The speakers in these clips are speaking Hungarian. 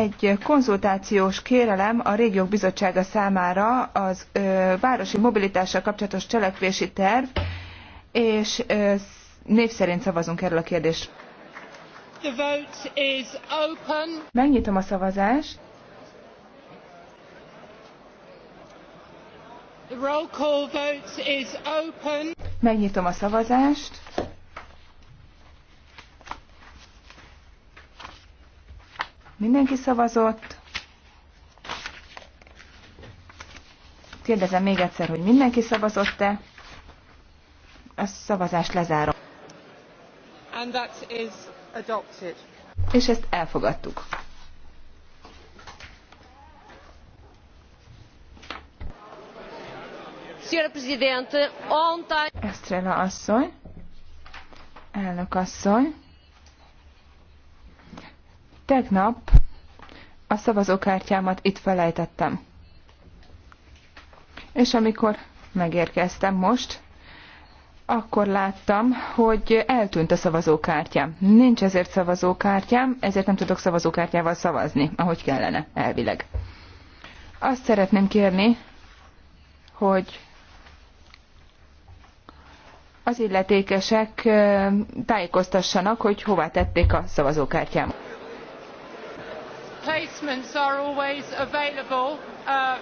egy konzultációs kérelem a régiók bizottsága számára az ö, városi mobilitással kapcsolatos cselekvési terv, és ö, név szerint szavazunk erről a kérdésről. The vote is open. Megnyitom a szavazást. The roll call vote is open. Megnyitom a szavazást. Mindenki szavazott. Kérdezem még egyszer, hogy mindenki szavazott-e. A szavazást lezárom. And that is adopted. És ezt elfogadtuk. Senhora Presidente, ontem... Estrela asszony, elnök asszony, Tegnap a szavazókártyámat itt felejtettem. És amikor megérkeztem most, akkor láttam, hogy eltűnt a szavazókártyám. Nincs ezért szavazókártyám, ezért nem tudok szavazókártyával szavazni, ahogy kellene, elvileg. Azt szeretném kérni, hogy az illetékesek tájékoztassanak, hogy hová tették a szavazókártyámat replacements are always available uh,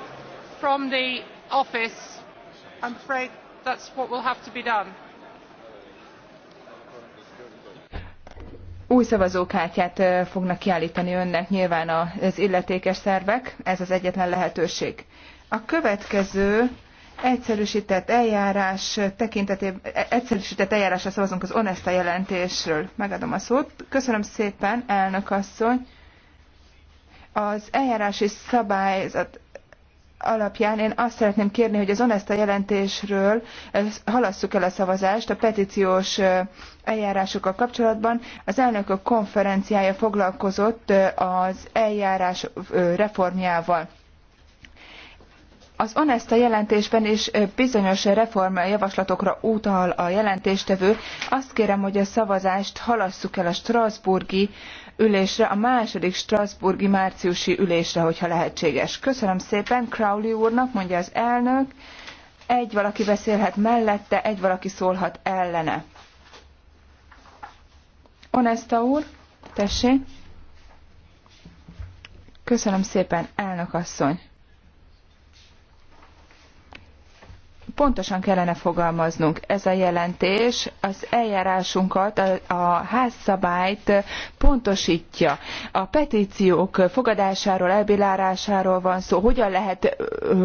from the office. I'm afraid that's what will have to be done. Új szavazókártyát fognak kiállítani önnek nyilván az illetékes szervek, ez az egyetlen lehetőség. A következő egyszerűsített eljárás tekintetében, e, egyszerűsített eljárásra szavazunk az Onesta jelentésről. Megadom a szót. Köszönöm szépen, elnök asszony. Az eljárási szabályzat alapján én azt szeretném kérni, hogy az Onesta jelentésről eh, halasszuk el a szavazást a petíciós eh, eljárásokkal kapcsolatban. Az elnökök konferenciája foglalkozott eh, az eljárás reformjával. Az Onesta jelentésben is bizonyos reformjavaslatokra utal a jelentéstevő. Azt kérem, hogy a szavazást halasszuk el a Strasburgi ülésre, a második Strasburgi márciusi ülésre, hogyha lehetséges. Köszönöm szépen Crowley úrnak, mondja az elnök. Egy valaki beszélhet mellette, egy valaki szólhat ellene. Onesta úr, tessék. Köszönöm szépen, elnök asszony. pontosan kellene fogalmaznunk. Ez a jelentés az eljárásunkat, a, a házszabályt pontosítja. A petíciók fogadásáról, elbírálásáról van szó, hogyan lehet,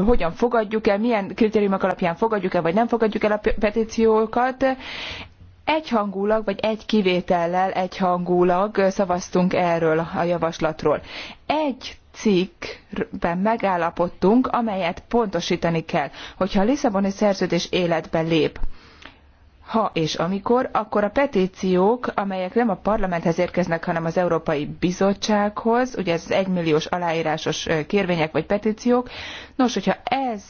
hogyan fogadjuk el, milyen kritériumok alapján fogadjuk el, vagy nem fogadjuk el a petíciókat, egyhangulag, vagy egy kivétellel egyhangulag szavaztunk erről a javaslatról. Egy cikkben megállapodtunk, amelyet pontosítani kell, hogyha a Lisszaboni szerződés életbe lép. Ha és amikor, akkor a petíciók, amelyek nem a parlamenthez érkeznek, hanem az Európai Bizottsághoz, ugye ez egymilliós aláírásos kérvények vagy petíciók, nos, hogyha ez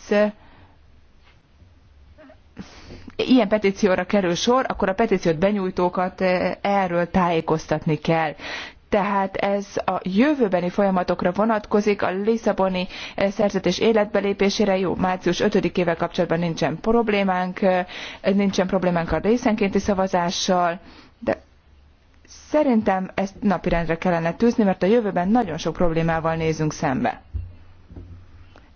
ilyen petícióra kerül sor, akkor a petíciót benyújtókat eh, erről tájékoztatni kell. Tehát ez a jövőbeni folyamatokra vonatkozik, a Lisszaboni eh, szerzetés életbelépésére jó, március 5-ével kapcsolatban nincsen problémánk, eh, nincsen problémánk a részenkénti szavazással, de szerintem ezt napirendre kellene tűzni, mert a jövőben nagyon sok problémával nézünk szembe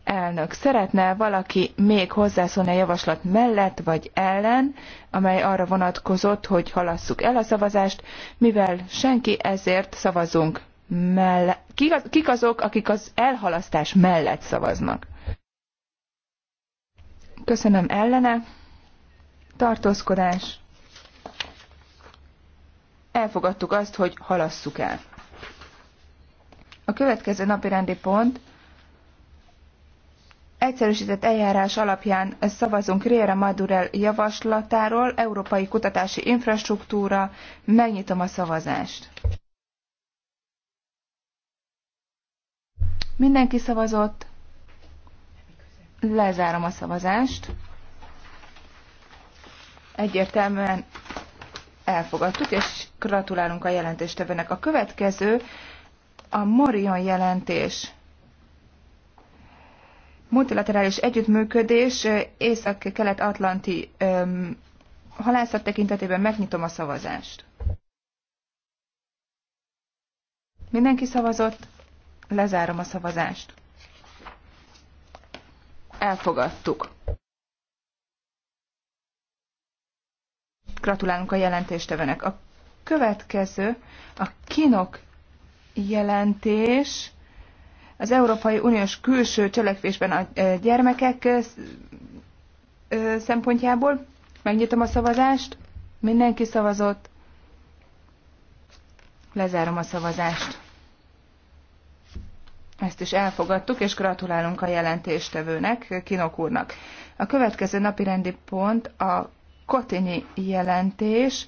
elnök. Szeretne valaki még hozzászólni a javaslat mellett vagy ellen, amely arra vonatkozott, hogy halasszuk el a szavazást, mivel senki ezért szavazunk mellett. Kik azok, akik az elhalasztás mellett szavaznak? Köszönöm ellene. Tartózkodás. Elfogadtuk azt, hogy halasszuk el. A következő napi rendi pont egyszerűsített eljárás alapján szavazunk Riera Madurel javaslatáról, Európai Kutatási Infrastruktúra, megnyitom a szavazást. Mindenki szavazott, lezárom a szavazást. Egyértelműen elfogadtuk, és gratulálunk a jelentéstevőnek. A következő a Morion jelentés multilaterális együttműködés észak-kelet-atlanti halászat tekintetében megnyitom a szavazást. Mindenki szavazott, lezárom a szavazást. Elfogadtuk. Gratulálunk a jelentéstevenek. A következő a kinok jelentés az Európai Uniós külső cselekvésben a gyermekek szempontjából. Megnyitom a szavazást. Mindenki szavazott. Lezárom a szavazást. Ezt is elfogadtuk, és gratulálunk a jelentéstevőnek, Kinok úrnak. A következő napi rendi pont a Kotinyi jelentés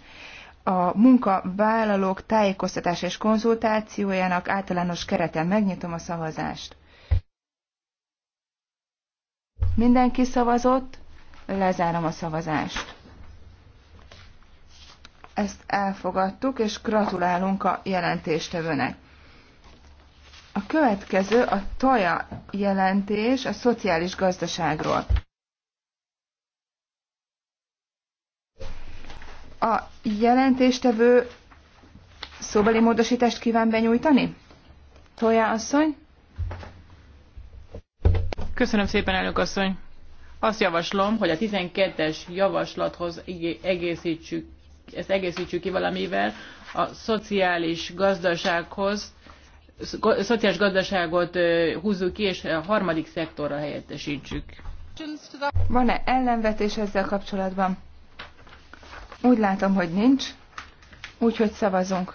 a munkavállalók tájékoztatása és konzultációjának általános kereten. Megnyitom a szavazást. Mindenki szavazott, lezárom a szavazást. Ezt elfogadtuk, és gratulálunk a jelentéstevőnek. A következő a TOJA jelentés a szociális gazdaságról. jelentéstevő szóbeli módosítást kíván benyújtani? Tolja asszony? Köszönöm szépen, elnök asszony. Azt javaslom, hogy a 12-es javaslathoz egészítsük, ezt egészítsük ki valamivel, a szociális gazdasághoz, szociális gazdaságot húzzuk ki, és a harmadik szektorra helyettesítsük. Van-e ellenvetés ezzel kapcsolatban? Úgy látom, hogy nincs, úgyhogy szavazunk.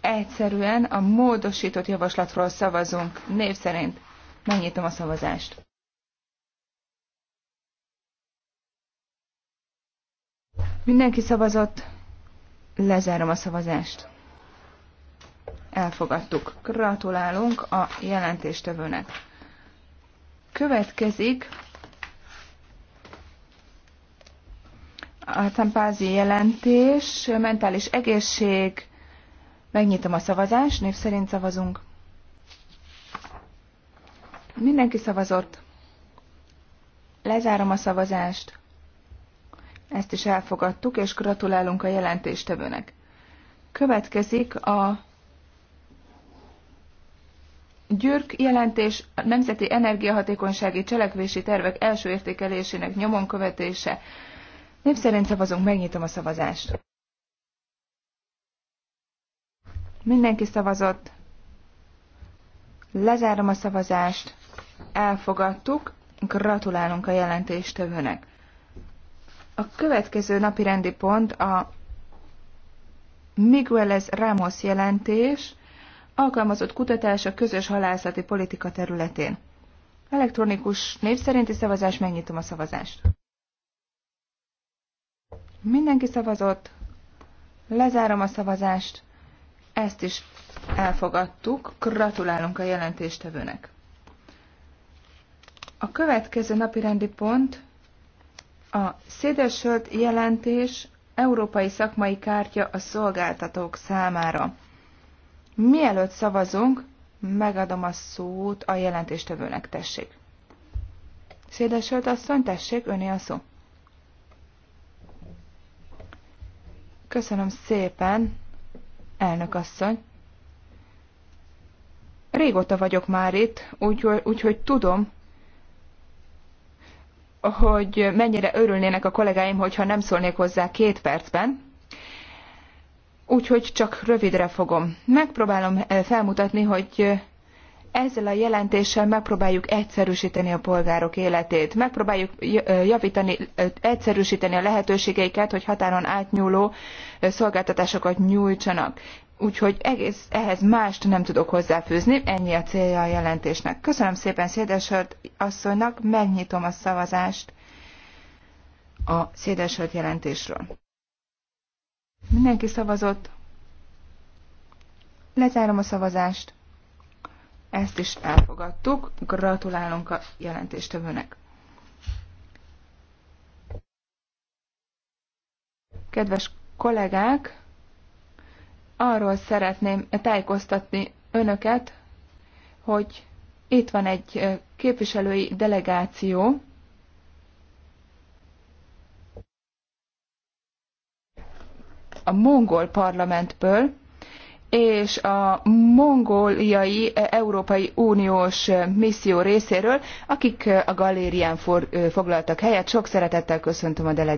Egyszerűen a módosított javaslatról szavazunk, név szerint. Megnyitom a szavazást. Mindenki szavazott, lezárom a szavazást. Elfogadtuk. Gratulálunk a jelentéstevőnek. Következik a Tampázi jelentés, mentális egészség, megnyitom a szavazást, név szerint szavazunk. Mindenki szavazott. Lezárom a szavazást. Ezt is elfogadtuk, és gratulálunk a jelentéstevőnek. Következik a Gyürk jelentés a Nemzeti Energiahatékonysági Cselekvési Tervek első értékelésének nyomon követése. Nép szerint szavazunk, megnyitom a szavazást. Mindenki szavazott. Lezárom a szavazást. Elfogadtuk. Gratulálunk a jelentéstevőnek. A következő napi rendi pont a Miguelez Ramos jelentés, alkalmazott kutatás a közös halászati politika területén. Elektronikus név szavazás, megnyitom a szavazást. Mindenki szavazott. Lezárom a szavazást. Ezt is elfogadtuk. Gratulálunk a jelentéstevőnek. A következő napi rendi pont a Szédesölt jelentés Európai Szakmai Kártya a szolgáltatók számára. Mielőtt szavazunk, megadom a szót a jelentéstevőnek, tessék. Szédesölt asszony, tessék, öné a szó. Köszönöm szépen, elnök asszony. Régóta vagyok már itt, úgyhogy úgy, tudom, hogy mennyire örülnének a kollégáim, hogyha nem szólnék hozzá két percben. Úgyhogy csak rövidre fogom. Megpróbálom eh, felmutatni, hogy eh, ezzel a jelentéssel megpróbáljuk egyszerűsíteni a polgárok életét, megpróbáljuk javítani, egyszerűsíteni a lehetőségeiket, hogy határon átnyúló szolgáltatásokat nyújtsanak. Úgyhogy egész, ehhez mást nem tudok hozzáfűzni, ennyi a célja a jelentésnek. Köszönöm szépen Szédesört asszonynak, megnyitom a szavazást a Szédesört jelentésről. Mindenki szavazott. Lezárom a szavazást. Ezt is elfogadtuk. Gratulálunk a jelentéstevőnek. Kedves kollégák, arról szeretném tájékoztatni önöket, hogy itt van egy képviselői delegáció, a mongol parlamentből, és a mongóliai e, Európai Uniós e, misszió részéről, akik e, a galérián foglaltak helyet. Sok szeretettel köszöntöm a delegációt.